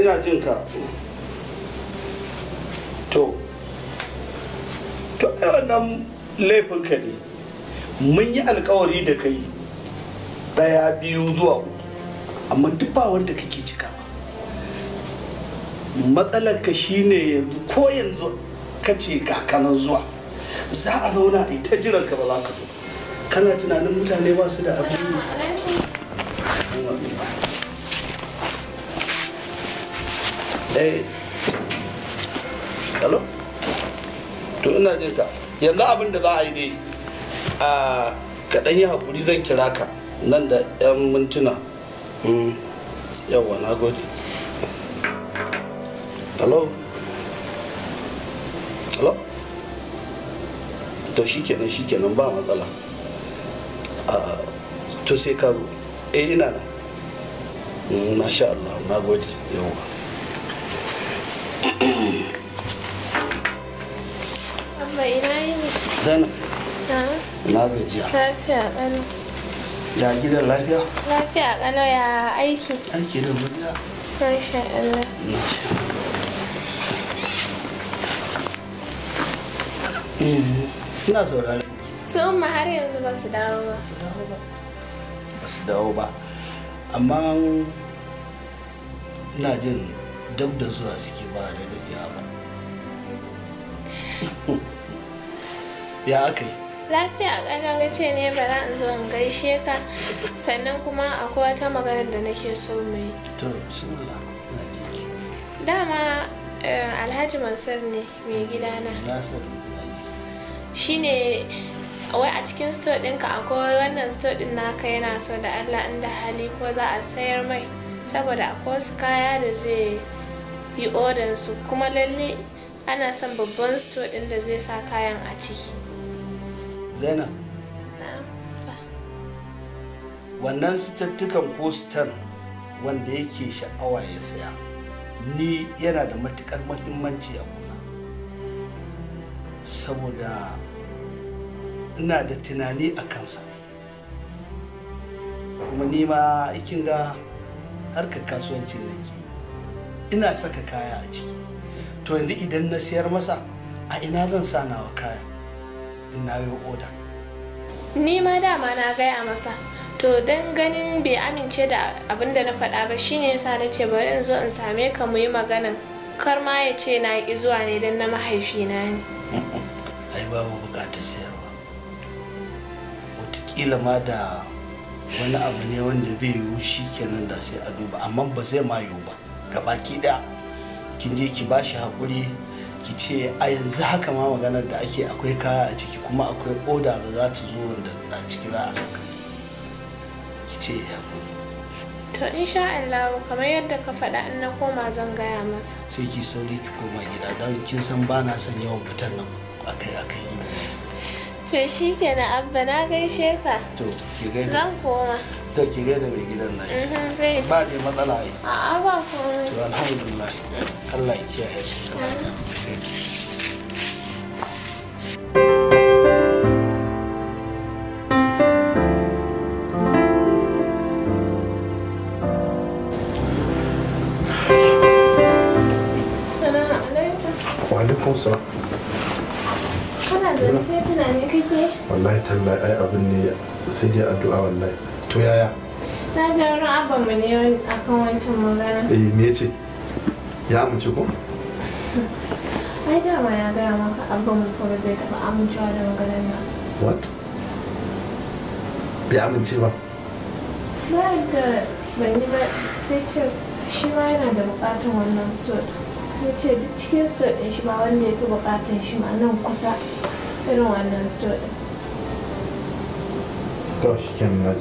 ina jin ka to to ai wannan laifinka ne mun yi alkawari da kai daya biyu zuwa amma duk ba wanda kake cika matsalar ka shine yanzu ko yanzu ka ce kanan zuwa za a zauna a ta jiran ka ba za ka zo kana tunanin mutane ba su da abin eh hello to ina jin ka yanzu abin da za a yi dai a kaɗan yi haƙuri zan kira ka nan da 'yan mintuna hmm. yawwa na gode hello hello to shikenan shikenan ba matsala to sai ka eh ina nan hmm, masha Allah na gode yawwa Abba ina yi Zainab. Na gajiya. Lafiya ƙano. Ya gidan lafiya? Lafiya ƙano ya aiki. Aiki da godiya. Masha Allah. Eh, ina Sun ma har yanzu ba su dawo ba. Ba su dawo ba. Amma ina jin dab da zuwa suke ba da daɗewa ba ya aka yi lafiya ga ce ne bara in zo in gaishe ka sannan kuma akwai wata maganar da nake so mai to bismillah dama eh, alhaji mansur ne mai gidana na shine wai a cikin store ɗinka akwai wannan store ɗin naka yana so da allah inda hali ko za a sayar mai saboda akwai wasu kaya da zai yi su kuma lalle ana son babban store ɗin da zai sa kayan a ciki zainab wannan sitattukan ko stan wanda yake sha'awa ya saya ni yana da matukar mahimmanci a kuma saboda ina da tunani a kansa kuma nima ikin ga harkar kasuwancin nake ina saka kaya a ciki to yanzu idan na siyar masa a ina zan sa nawa kayan in na yi oda ni ma dama na gaya masa to don ganin bai amince da abin da na faɗa ba shine yasa na ce bari in zo in same ka mu yi maganan kar ma ya ce na ki zuwa ne don na mahaifina ne ai babu bukatar siyarwa watakila ma da wani abu ne wanda zai yiwu shi kenan da sai a duba amma ba zai ma yiwu ba gabaki da kin je ki bashi hakuri ki ce a yanzu haka ma maganar da ake akwai kaya a ciki kuma akwai oda da za ta zo wanda a ciki za a saka ki ce ya to insha Allah kamar yadda ka faɗa in na koma zan gaya masa sai ki sauri ki koma gida don kin san ba na son yawan fitan nan akai akai to shikenan abba na gaishe ka to ki gaida zan koma to ki gaida mai gidan nan mhm, ba da matsala ai a ba to alhamdulillah Allah ya kiyaye shi Walaikun sa. Kana da tunani kake? Wallahi tallahi ai abin ne sai dai addu'a wallahi. to yaya na je wurin abba mu ne akan wancan magana eh me ce. ya amince ko ai da dama ya gaya maka abba mu ko zai taba amincewa da maganar nan what bai amince ba ba da ban yi ba sai ce shi ma yana da bukatar wannan store ya ce duk cikin store din shi ba wanda ya fi bukatar shi ma nan kusa irin wannan store din to shi kenan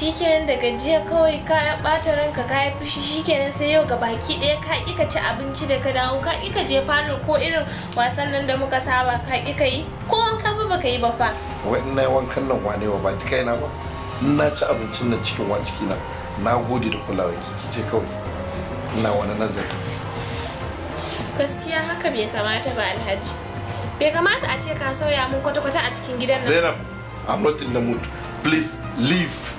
shikenan daga jiya kawai ka ya ɓata ranka ka yi fushi shikenan sai yau ga baki ɗaya ka kika ci abinci da ka dawo ka kika je falo ko irin wasan nan da muka saba ka kika yi ko wanka fa baka yi ba fa. wani ina wankan nan wane ba kai na ba na ci abincin nan cikin wa ciki na na gode da kulawa ki je kawai ina wani nazari. gaskiya haka bai kamata ba alhaji bai kamata a ce ka sauya mun kwata-kwata a cikin gidan nan. zainab i'm not in the mood please leave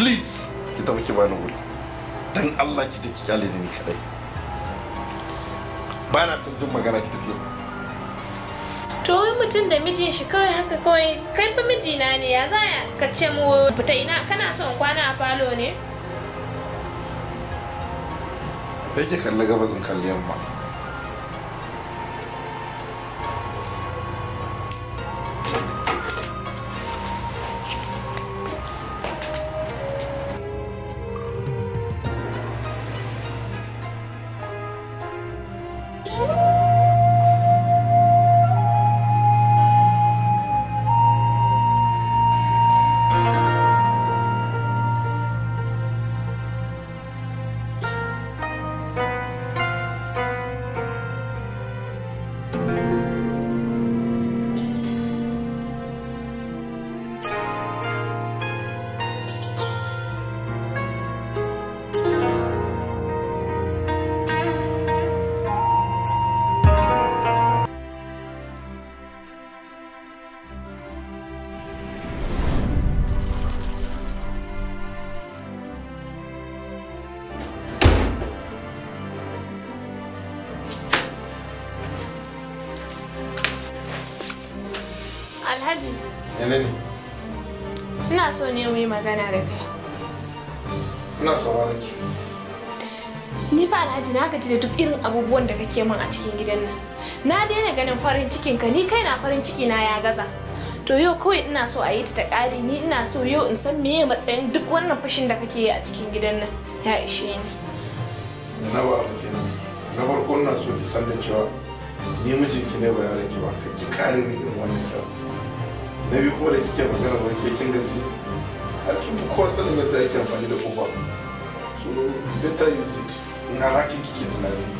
please ki tafi ki bani wuri dan Allah ki je ki kyale ni kadai ba na san jin magana ki tafi to wai mutum da mijin shi kawai haka kawai kai fa mijina ne ya za ka ce mu fita ina kana son kwana a falo ne da ke kalli gabas in kalli yamma Alhaji. Yana ne? Ina so ne mu yi magana da kai. Ina ba ki. Ni fa Alhaji na gaji da duk irin abubuwan da kake min a cikin gidan nan. Na daina ganin farin cikin ka ni kai na farin ciki na ya gaza. To yau kawai ina so a yi ta taƙari ƙari ni ina so yau in san meye matsayin duk wannan fushin da kake yi a cikin gidan nan ya ishe ni. Na ba abu kenan. Na farko ina so ki san da cewa ni mijinki ne ba yaran ki ba ki ƙare ni irin wannan kyau. na biyu kuma da kike magana wani ke kin gaji har kin bi kowa sanin yadda ake amfani da kofa so ta yi zuci na haraki kike tunani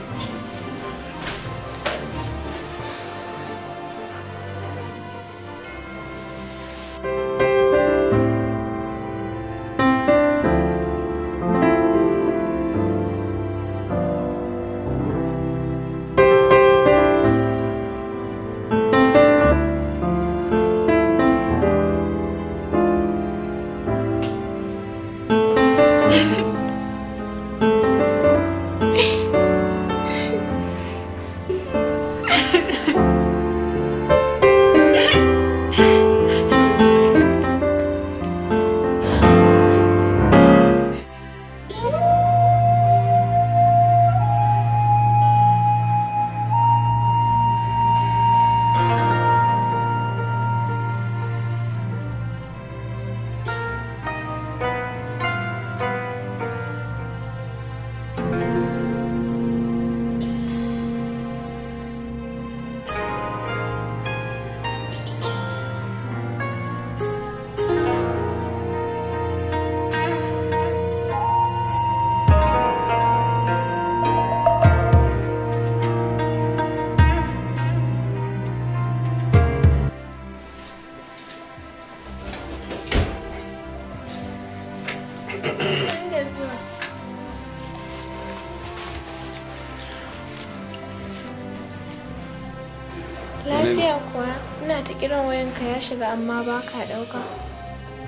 shiga amma ba ka ɗauka.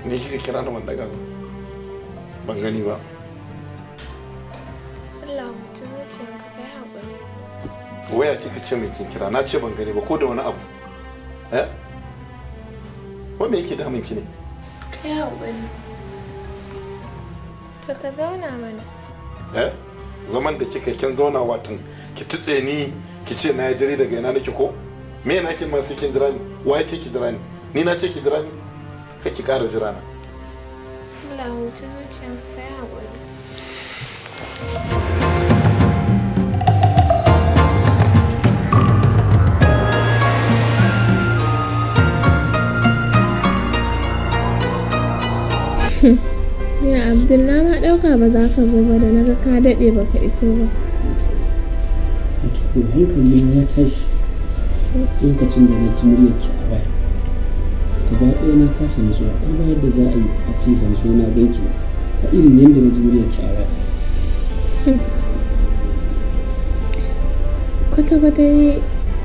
Me kika kira ni ban daga ba? Ban gani ba. Allah mutu ka kai haƙuri. Waya kika ce min kin kira na ce ban gani ba ko da wani abu. Eh? Wa me yake damun ki ne? Kai haƙuri. To ka zauna mana. Eh? Zaman da kika kin zauna watan ki tutse ni ki ce na yi dare daga ina nake ko? me na kin sai kin jira ni ya ce ki jira ni ni na ce ki jira ni ka ki kara jira na Allah huce zuciyanka kai haƙuri ya abdullahi ma ɗauka ba za ka zo ba da naga ka daɗe ba ka iso ba a cikin hankalin ya tashi lokacin da na ji muryarki gaba ɗaya na kasa nutsuwa ai ba yadda za a yi a ce ban so na ganki ba a irin yadda na ji muryar kyawa a waya kwata-kwata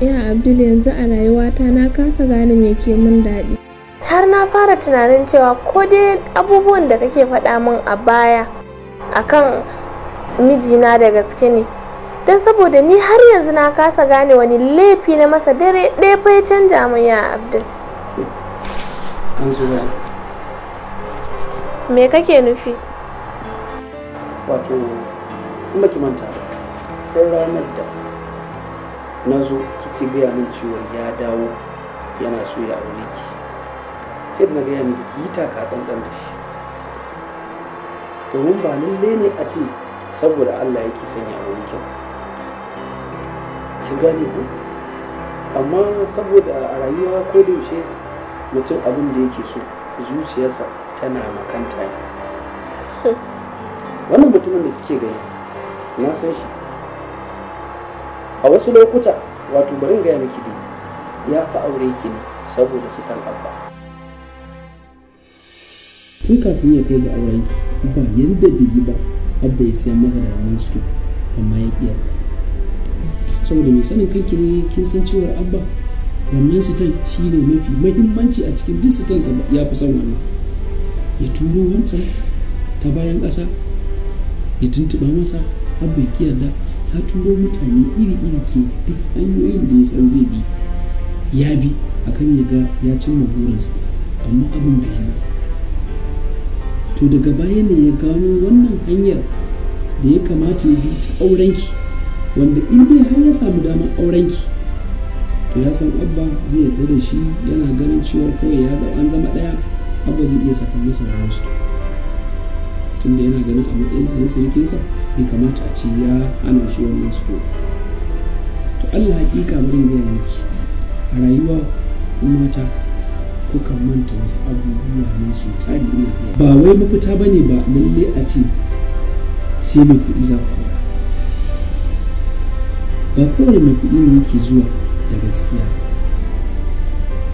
ya abdul yanzu a rayuwata na kasa gane me ke mun daɗi har na fara tunanin cewa ko dai abubuwan da kake faɗa min a baya akan mijina da gaske ne don saboda ni har yanzu na kasa gane wani laifi na masa dare ɗaya fai canja min ya abdul me kake nufi wato in baki manta tun ranar da na zo kike gaya min ciwon ya dawo yana so ya aure ki sai da na gaya miki ki yi taka tsantsan da shi domin ba lalle ne a ce saboda Allah yake sanya aure ki kin gane ko amma saboda a rayuwa ko da yaushe mutum abin da yake so zuciyarsa tana makanta ne wannan mutumin da kike gani na san shi a wasu lokuta wato bari gaya miki dai ya fi aure ki ne saboda su kan abba tun kafin ya kai ga auren ba yadda bai yi ba abba ya siya masa da ramin sto amma ya kiyar saboda mai sanin kai ne kin san cewar abba wannan sitan shi ne mafi mahimmanci a cikin duk sitansa ya fi son wannan ya turo wancan ta bayan ƙasa ya tuntuɓa masa har bai da ya turo mutane iri-iri ke duk hanyoyin da ya san zai bi ya bi akan ya ga ya cimma burinsa amma abin bai yi to daga baya ne ya gano wannan hanyar da ya kamata ya bi ta aurenki wanda in dai har ya samu damar aurenki to ya san abba zai yadda da shi yana ganin cewa kawai ya an zama ɗaya abba zai iya saka masa tun tunda yana ganin a matsayin sa yin na sa bai kamata a ce ya hana shi wannan su to allah hakika bari gaya miki a rayuwa mata kukan manta wasu abubuwa su tari ina ba wai mafita bane ne ba lalle a ce sai mai kuɗi za ku ba kowane mai kuɗi ne yake zuwa da gaskiya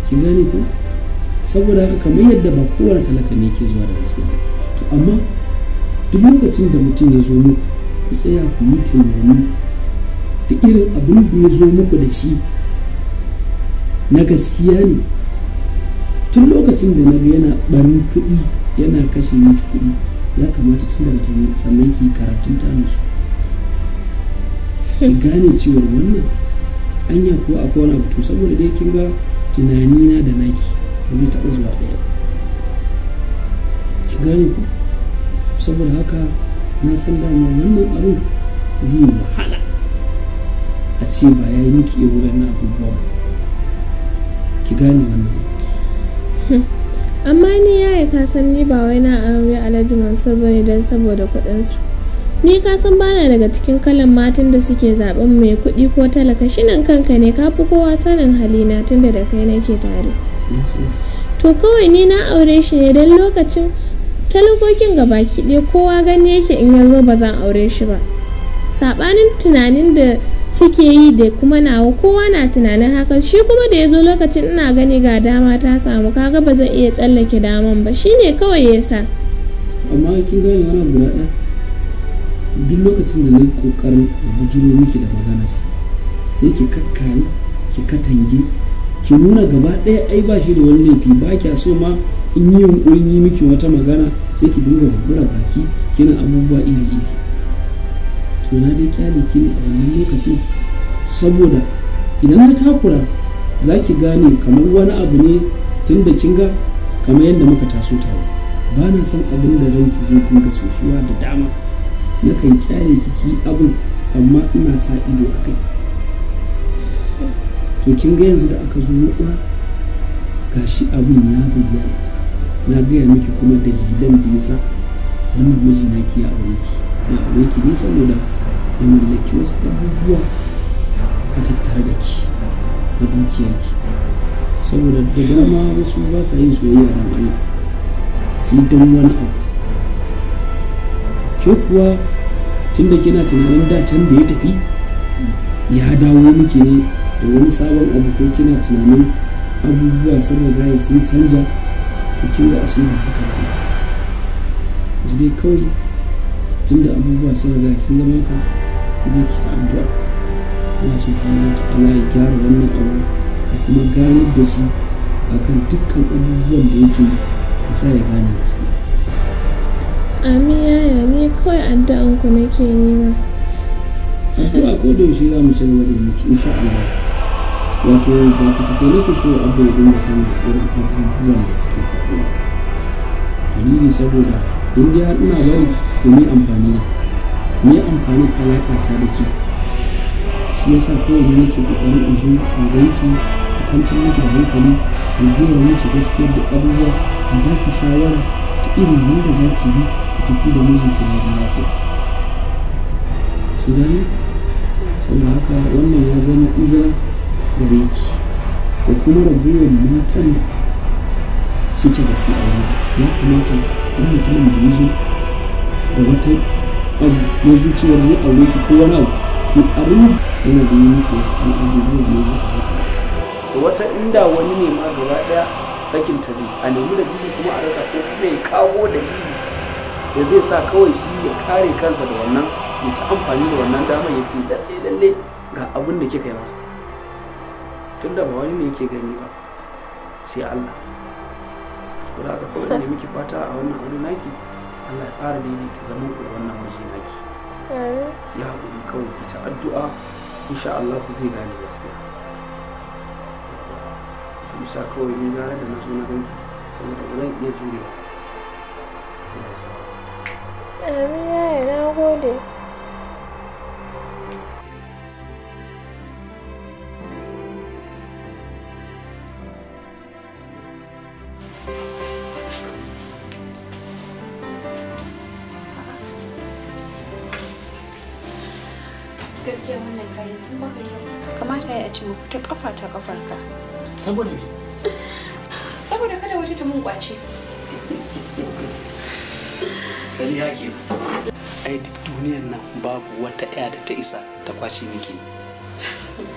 kin gane ko saboda haka kamar yadda ba kowane talaka ne ke zuwa da gaskiya to amma duk lokacin da mutum ya zo muku ku tsaya ku yi tunani da irin abin da ya zo muku da shi na gaskiya ne tun lokacin da na ga yana barin kuɗi yana kashe miki kuɗi ya kamata tun daga sannan ki karatun ta ki gane cewar wannan anya ko akwai wani abu to saboda dai kin ga tunani na da naki zai taɓa zuwa ɗaya ki gane ku saboda haka na san dama wannan abu zai wahala a ce ba ya yi miki wurin na abubuwa ki gane wannan hmm. amma ni ya yi kasan ni ba wai na aure alhaji mansur bane don saboda kuɗinsa ni ka san bana daga cikin kalan matan da suke zaben mai kuɗi ko talaka shinan kanka ne ka fi kowa sanin halina tunda da kai nake tare to kawai ni na aure shi ne don lokacin talakokin gabaki ɗaya kowa gani yake in ya zo ba zan aure shi ba saɓanin tunanin da suke yi da kuma nawa kowa na tunanin haka shi kuma da ya zo lokacin ina gani ga dama ta samu kaga ba zan iya tsallake daman ba shine kawai yasa amma kin gane wani abu ɗaya duk lokacin da na kokarin bujuro miki da maganarsa sai ki kakkare ki katange ki nuna gaba ɗaya ai ba shi da wani laifi ba kya so ma in yi yunkurin yi miki wata magana sai ki dinga zabura baki kina abubuwa iri iri to na dai kyale ki ne a wannan lokacin saboda idan na takura za ki gane kamar wani abu ne tun da kin ga kamar yadda muka taso tare ba na son abin da ranki zai dinga sosuwa da dama nakan kyale kiki abin amma ina sa ido a kai to kin ga yanzu da aka zo ga gashi abin ya bayyana na gaya miki kuma dalilan da ya sa wannan miji na ki ya aure ki ya aure ki ne saboda ya mallaki wasu abubuwa a tattare da ki a dukiyarki saboda da dama wasu ba sa yin soyayya don Allah sai don wani abu ke kuwa tun da kina tunanin da can da ya tafi ya dawo miki ne da wani sabon abu ko kina tunanin abubuwa sun riga sun canza to kin ga asu ba haka ba ji dai kawai tun da abubuwa sun riga sun zama ka idan ki sa addu'a Allah subhanahu wa ta'ala ya gyara wannan abu a kuma gayar da shi akan dukkan abubuwan da yake ya sa ya gane gaskiya amin yaya ni kawai addu'an ku nake nema addu'a ko da yaushe za mu ci gaba da miki insha Allah wato ba ka sake nake so abu ya dinga sanin irin abubuwan da suke faruwa dalili saboda in dai har ina bari to ni amfani ne, ni amfanin alaƙa ta da ke shi yasa kawai ne nake kokarin in zo in ganki a kwantar miki da hankali in gera miki gaskiyar da abubuwa in baki shawara ta irin yadda za ki yi tafi da mijinki na da lafiya su gani saboda haka wannan ya zama iza ya ki da kuma raguwar matan da suke da su aure ya kamata wani mutumin da ya zo da wata abu na zuciyar zai aure ki ko wani abu to abin yana da yi mafi wasu a ne da wata inda wani ne ma gaba daya sakin ta zai a nemi da biyu kuma a rasa ko kuma ya kawo da biyu da zai sa kawai shi ya kare kansa da wannan ya ta amfani da wannan damar ya ce lalle lalle ga abin da kika yi masa tun da ba wani ne yake gani ba sai Allah da aka kawai ne muke fata a wannan wani naki Allah ya fara daidaita zaman ku da wannan waje naki ya haƙuri kawai ku ta addu'a insha Allah ku zai gane gaskiya shi sa kawai ni gara da na zo na ganki saboda ba zan iya jurewa Amin yaya na gode. gaskiya wannan kayan sun kamata ya ta saboda kada wata ta mun ya ke ai duk duniyar nan babu wata ɗaya da ta isa ta kwashe miki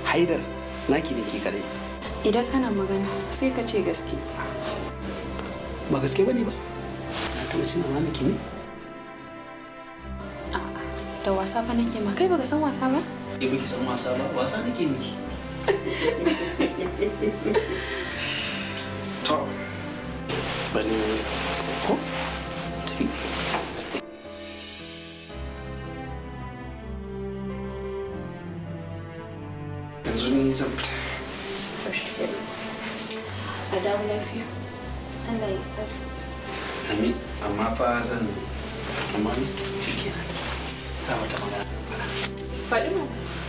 haidar naki ne ke kadai idan kana magana sai ka ce gaske ba gaske bane ba za ta wuce mama naki ne da wasa fa nake ma kai baka san wasa ba ke eh, baki san wasa ba wasa nake miki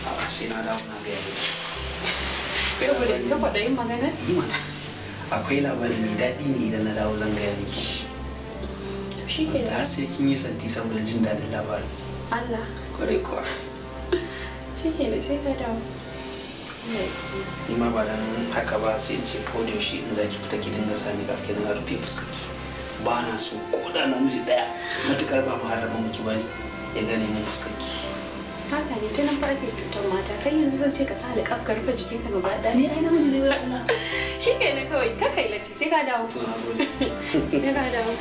a sai na dawo na gaya ne saboda ita faɗa yin magana yi mana akwai labari mai daɗi ne idan na dawo zan gaya miki shi ke da sai kin yi santi saboda jin daɗin labarin Allah kore kuwa shi ke da sai ka dawo ni ma ba dan haka ba sai in ce ko da yaushe in zaki fita ki dinga Sani ka ki dinga rufe fuskarki ba na so ko da namiji daya matukar ba muharraban ki bane ya gane ni fuskarki fata ne ta nan fara ke cutar mata kai yanzu zan ce ka sa alƙaf ka rufe jikinka gaba da ni ai namiji ne Allah shi kenan kawai ka kai latti sai ka dawo sai ka dawo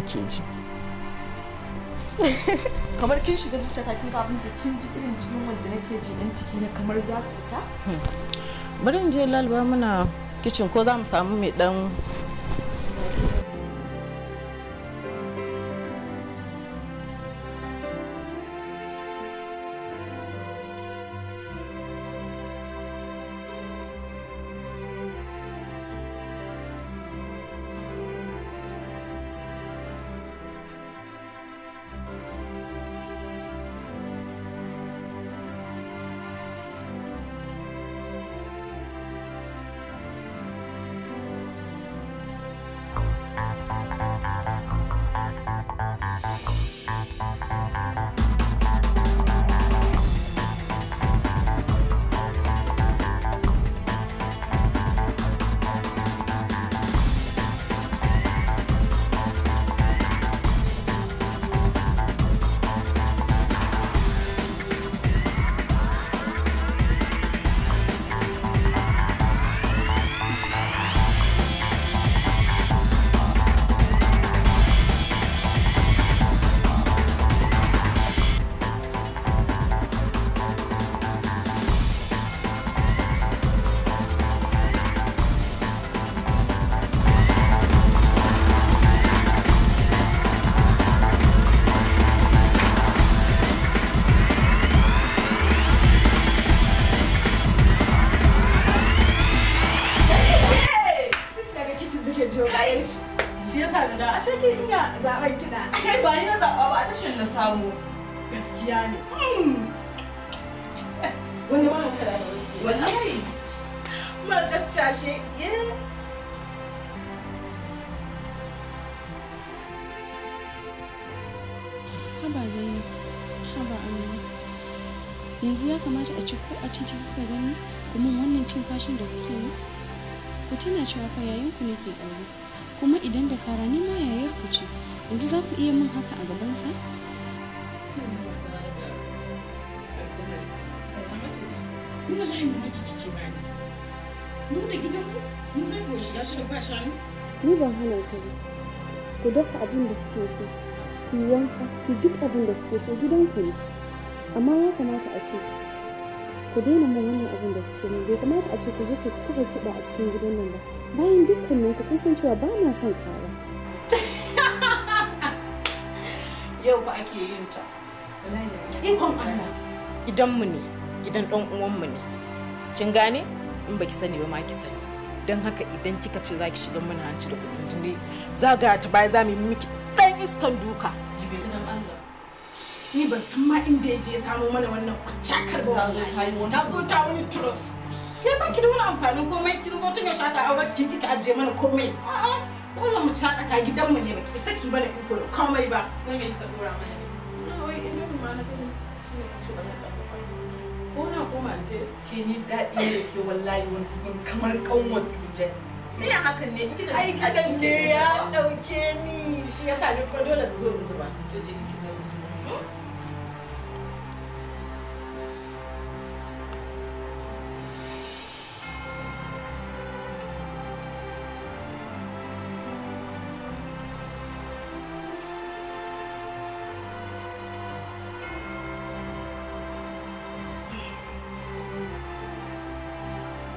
nake kamar kin shiga zuciyata kin ga abin da kin ji irin jinin wanda nake ji dan ciki na kamar za su fita hmm. bari in je lalba muna kicin ko za mu samu mai dan cin kashin da kuke yi ku tana cewa fa yayin ku nake aure kuma idan da kara ni ma yayar ku ce yanzu za ku iya min haka a gaban sa mu da gidanmu mun zai kuwa shiga shi da ba shanu ni ban hana ku ku dafa abin da kuke so ku yi wanka ku duk abin da kuke so gidanku ne amma ya kamata a ce ku daina mun wannan abin da kuke mun bai kamata a ce ku zo ku kura kiɗa a cikin gidan nan ba bayan dukkanin ku kun san cewa ba na son ƙara yau ba ake yin ta ikon Allah gidan mu ne gidan ɗan uwan mu ne kin gane in baki sani ba ma ki sani don haka idan kika ce za ki shiga mana hanci da kudin ne za ga ta bai za mu yi miki ɗan iskan duka. Jibe tana ni ban san ma inda yaje ya samo mana wannan kucakar ba wallahi ta zo ta wani turus ke ba ki da wani amfanin komai kin zo tun yaushe aka aure kin kika ajiye mana komai a'a dole mu caka ka gidan mu ne baki saki mana iko da komai ba wai me ka dora mana ne wai ina mu ma na kai shi ne ci ba ko na koma je ke ni daɗi ne ke wallahi wani sun kamar kanwar Ni ina hakan ne kika ai kadan ne ya dauke ni shi yasa ni ko dole zo in zuba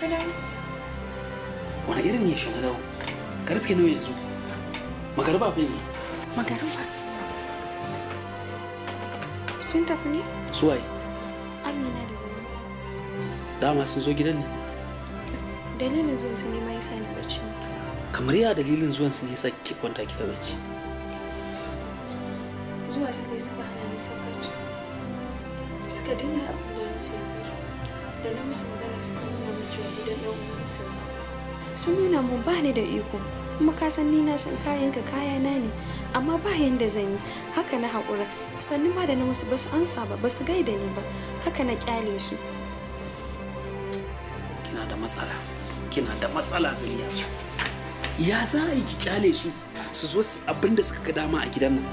ka dawo wani irin shi na dawo karfe nawa yanzu magarba bin ne magarba sun tafi ne suwaye amina da zuwa dama sun zo gidan ne dalilin zuwan su ne ma yasa ni bacci kamar ya dalilin zuwan su ne yasa ki kwanta kika bacci zuwa su ne suka hana ni sakarci suka dinga abin da ransu ya da na musu magana suka nuna min cewa gidan ɗan su ne sun nuna mun ba ni da iko kuma ka san ni na san kayan kaya kayana ne amma ba yanda zan yi haka na haƙura sannu ma da na musu su ansa ba su gaida ni ba haka na ƙyale su kina da matsala kina da matsala zuriya ya za a yi ki ƙyale su su zo su abin da suka ga dama a gidan nan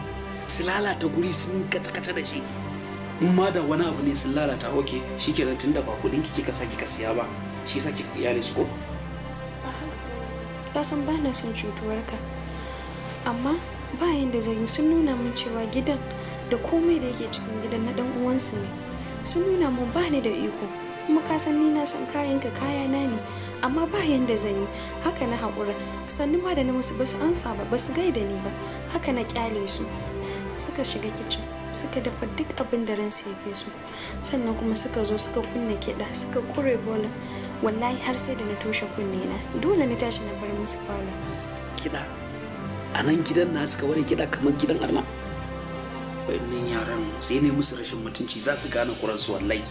su lalata guri sun kace-kace da shi in ma da wani abu ne sun lalata oke shi ke tun tunda ba kuɗin ki kika saki ka siya ba shi saki ka iyali su ko ta san ba na son cutuwarka amma ba da zan yi sun nuna min cewa gidan da komai da yake cikin gidan na dan uwansu ne sun nuna mun ba ni da iko kuma ka san ni na san kayan ka kaya na ne amma ba yanda zan yi haka na haƙura sannu ma da na musu ba basu ansa ba su gaida ni ba haka na kyale su suka shiga kicin suka dafa duk abin da ransu yake su sannan kuma suka zo suka kunna kiɗa suka kure bola wallahi har sai da na toshe kunne na dole na tashi na bar musu fala kiɗa a nan gidan na suka ware kiɗa kamar gidan arna wannan yaran sai ne musu rashin mutunci za su gane kuransu wallahi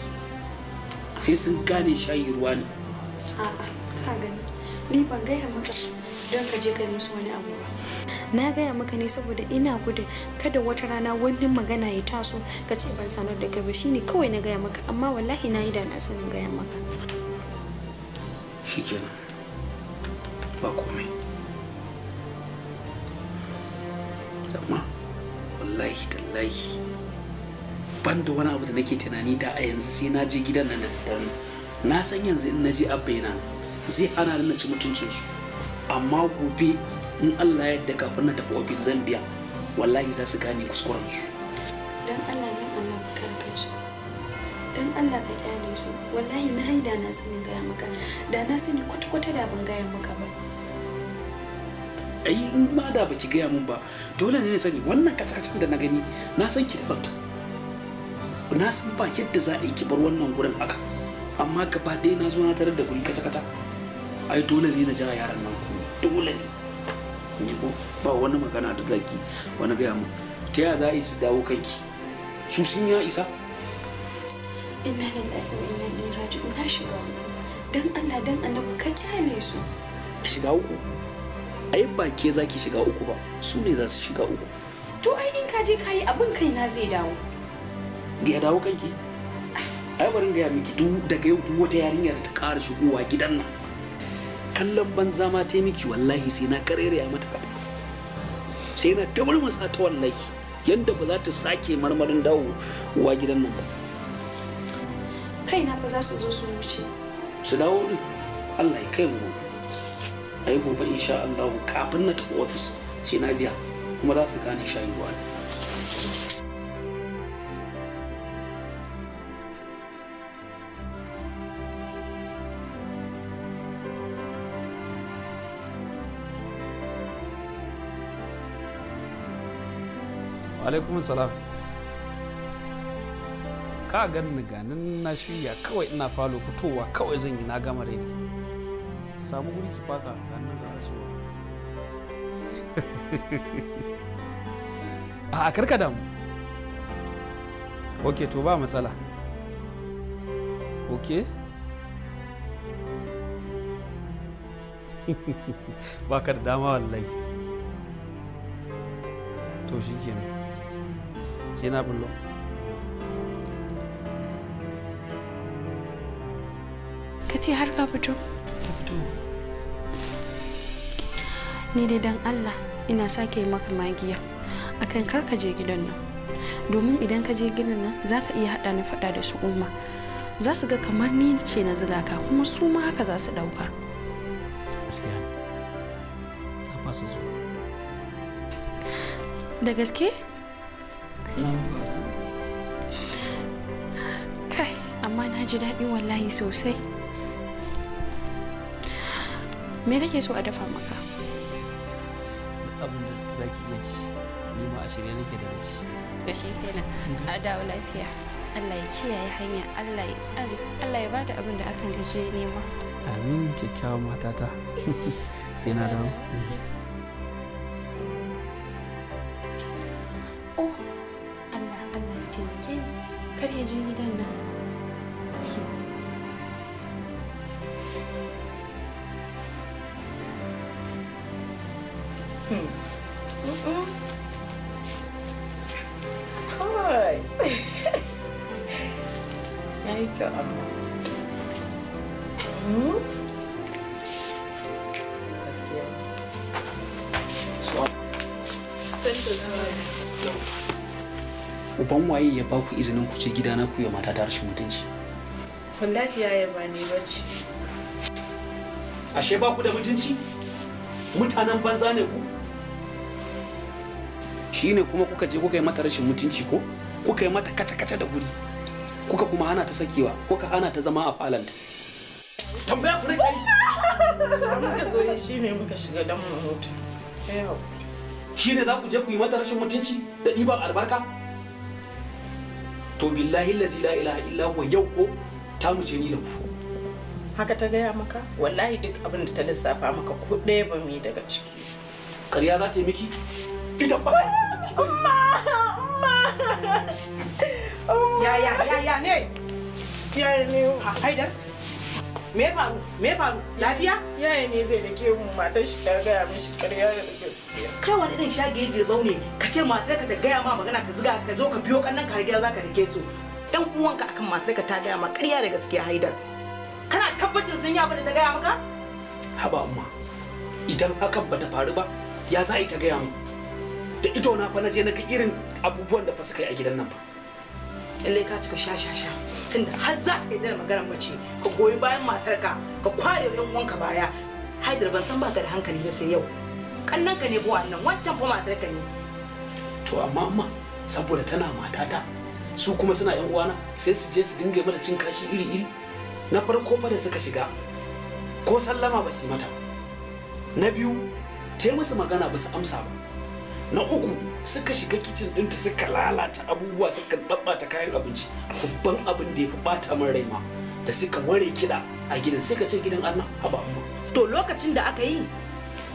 sai sun gane shayi ruwa ne a'a ka gani ni ban gaya maka don ka je kai musu wani abu ba na gaya maka ne saboda ina gudun kada wata rana wani magana ya taso ka ce ban sanar da kai ba shine kawai na gaya maka amma wallahi na yi da na sanin gaya maka shikenan ba komai amma wallahi tallahi ban da wani abu da nake tunani da a yanzu sai na je gidan nan da na san yanzu in na je abba yana zai hana na ci mutuncin shi amma gobe in Allah ya yadda kafin na tafi ofis Zambia wallahi za su gane kuskuren su dan Allah ne Allah ka karkace dan Allah ka kyale su wallahi na haida na sanin gaya maka da na sani kwata kwata da ban gaya maka ba ai in ma da baki gaya mun ba dole ne sani wannan kacacin da na gani na san ki da tsafta na san ba yadda za a yi ki bar wannan gurin haka amma gaba ɗaya na zo na tarar da guri kaca-kaca ai dole ne na jira yaran nan dole ne ko ba wani magana da zaki wani gaya mu ta yaya za a yi su dawo kanki su sun ya isa inna lillahi wa inna ilaihi raji'un na shiga uku dan Allah dan annabi ka kyale su shiga uku ai ba ke za ki shiga uku ba su ne za su shiga uku to ai in ka je yi abin kai na zai dawo ya dawo kanki ai barin gaya miki duk daga yau duk wata yarinya da ta ƙara shigowa gidan nan kallon banza ma ta miki wallahi sai na karere mata kafa sai na tabar masa ta wallahi yadda ba za ta sake marmarin dawo wa gidan nan ba kaina ba za su zo su wuce su dawo ne Allah ya kai mu ai gobe insha Allah kafin na tafi ofis sai na biya kuma za su gane shayuwa ne alaikum salam ka gan ni ganin na shirya kawai ina falo fitowa kawai zan yi na gama redi samu guri su faka nan da su a karka damu ok to ba matsala ok ba ka da dama wallahi to shi kenan sai ka ce har ka fito ni dai don allah ina sake maka magiya akan kar ka je gidan nan domin idan ka je gidan nan za ka iya haɗa ni faɗa da su umma za su ga kamar ni ce na zuga ka kuma su ma haka za su ɗauka da gaske ji daɗi wallahi sosai me kake so a dafa maka abin da za ki iya ci ni ma a shirya nake da ci to shi kenan a dawo lafiya Allah ya kiyaye hanya Allah ya tsare Allah ya bada abin da akan gaje nema amin kyakkyawan matata sai na dawo Ja. Hm? Uban waye ya ba ku izinin ku ce gidana ku ya mata ta rashin mutunci. Wallahi ya yaba ne bacci. Ashe ba ku da mutunci? Mutanen banza ne ku? Shi ne kuma kuka je kuka yi mata rashin mutunci ko? Kuka yi mata kace-kace da guri. kuka kuma hana ta sakewa kuka hana ta zama a falanta tambaya ku nake muka zo yi shine muka shiga dan mu huta shine za ku je ku yi mata rashin mutunci da diban albarka to billahi la ilaha illa huwa yau ko ta muce ni da ku haka ta gaya maka wallahi duk abin da ta lissafa maka ko ɗaya ba mu daga ciki karya za ta yi miki ita ba umma umma ya ya ya ya ne ya ne haidar me faru me faru lafiya yaya ne zai dake mu matar shi ta gaya mishi karya da gaskiya kai wani irin shage da zaune ka ce matar ka ta gaya ma magana ta ziga ka zo ka biyo kannan ka za ka dake su Ɗan uwanka akan matar ka ta gaya ma karya da gaskiya haidar kana tabbacin sun yi abin da ta gaya maka haba amma idan hakan bata faru ba ya za a yi ta gaya mu da ido na fa na je na ga irin abubuwan da fa suka yi a gidan nan ba lallai ka cika sha-sha-sha tunda har za ka yi da maganar mace ka goyi bayan matarka ka kware yan uwanka baya haidar ban san baka da hankali ba sai yau kannan ka ne ko wannan wancan fa matarka ne to amma amma saboda tana matata su kuma suna yan uwana sai su je su dinga mata cin kashi iri-iri na farko fa da suka shiga ko sallama ba su yi mata na biyu ta yi musu magana ba su amsa ba na uku suka shiga kicin ɗinta suka lalata abubuwa suka ta kayan abinci babban abin da ya fi bata min rai ma da suka ware kiɗa a gidan sai ka ce gidan Allah haba amma. To lokacin da aka yi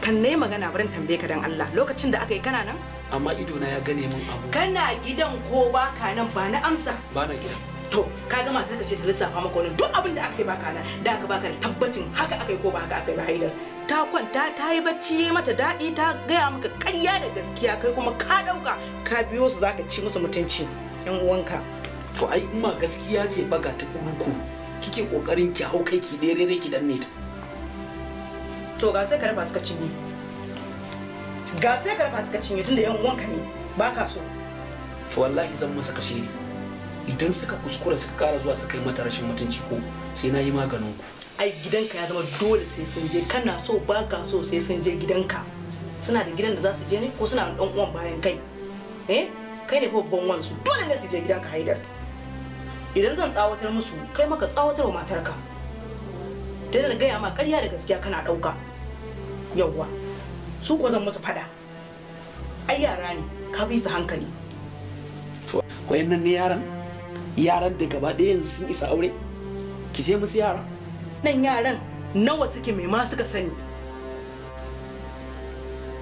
kan ne magana barin tambaye ka dan Allah lokacin da aka yi kana nan? Amma ido na ya gane min abu. Kana gidan ko ba ka nan ba na amsa? Ba na gidan. To ka ga matar ka ce ta lissafa maka wani duk abin da aka yi baka nan da aka baka da tabbacin haka aka yi ko ba haka aka yi ba haidar ta kwanta ta yi bacci ya mata daɗi ta gaya maka ƙarya da gaskiya kai kuma ka ɗauka ka biyo su zaka ci musu mutunci yan uwanka to ai in ma gaskiya ce baga ta uruku kike kokarin ki hau kai ki dere ki danne ta to ga sai ka rafa suka cinye ga sai ka rafa suka cinye tunda yan uwanka ne ba ka so to wallahi zan masa ni. idan suka kuskura suka kara zuwa suka yi mata rashin mutunci ko sai na yi maganin ku ai gidanka ya zama dole sai sun je kana so baka so sai sun je gidanka suna da gidan da za su je ne ko suna da dan uwan bayan kai eh kai ne babban wansu dole ne su je gidanka haidar idan zan tsawatar musu kai maka tsawatar wa matarka dan na gaya ma karya da gaskiya kana ɗauka yawwa su ko zan musu fada ai yara ne ka bi su hankali to wayannan ne yaran yaran da gaba ɗaya yanzu sun isa aure ki sai musu yara nan yaran nawa suke mai ma suka sani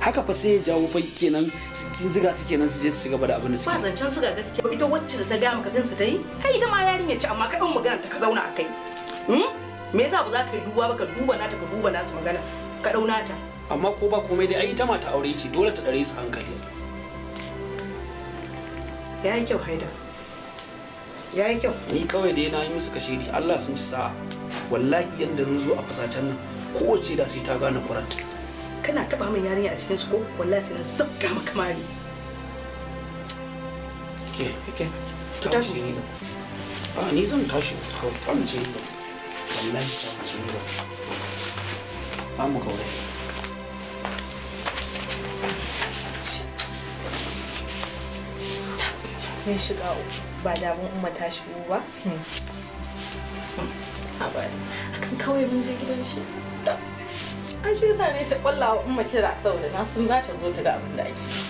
haka fa sai ya jawo fa kenan kin ziga su kenan su je su gaba da abin da suke ba zancen suga gaskiya ita wacce da ta ga maka din su ta yi kai ita ma yarinya ce amma ka ɗan magana ta ka zauna a kai hmm? me yasa ba za ka yi duba ba ka duba nata ka duba nasu magana ka ɗau nata amma ko ba komai dai ai ita ma ta aure ce dole ta dare su hankali ya yi kyau haidar ya yi kyau ni kawai dai na yi musu kashe Allah sun ci sa'a wallahi yanda zan zo a fasacen nan kowace da sai ta gane kurant kana taba min yarinya a cikin su ko wallahi sai na sabga maka mari ke ke ki tashi ni da a ni zan tashi ko kan ji wallahi ta ji ni ba mu kawai Ya shiga uku. ba damun umma ta shigo ba hmm. akan kawai mun je gidan shi an shi sa ne ta kwallawa umma kira saboda na sun za ta zo ta ga abin da ake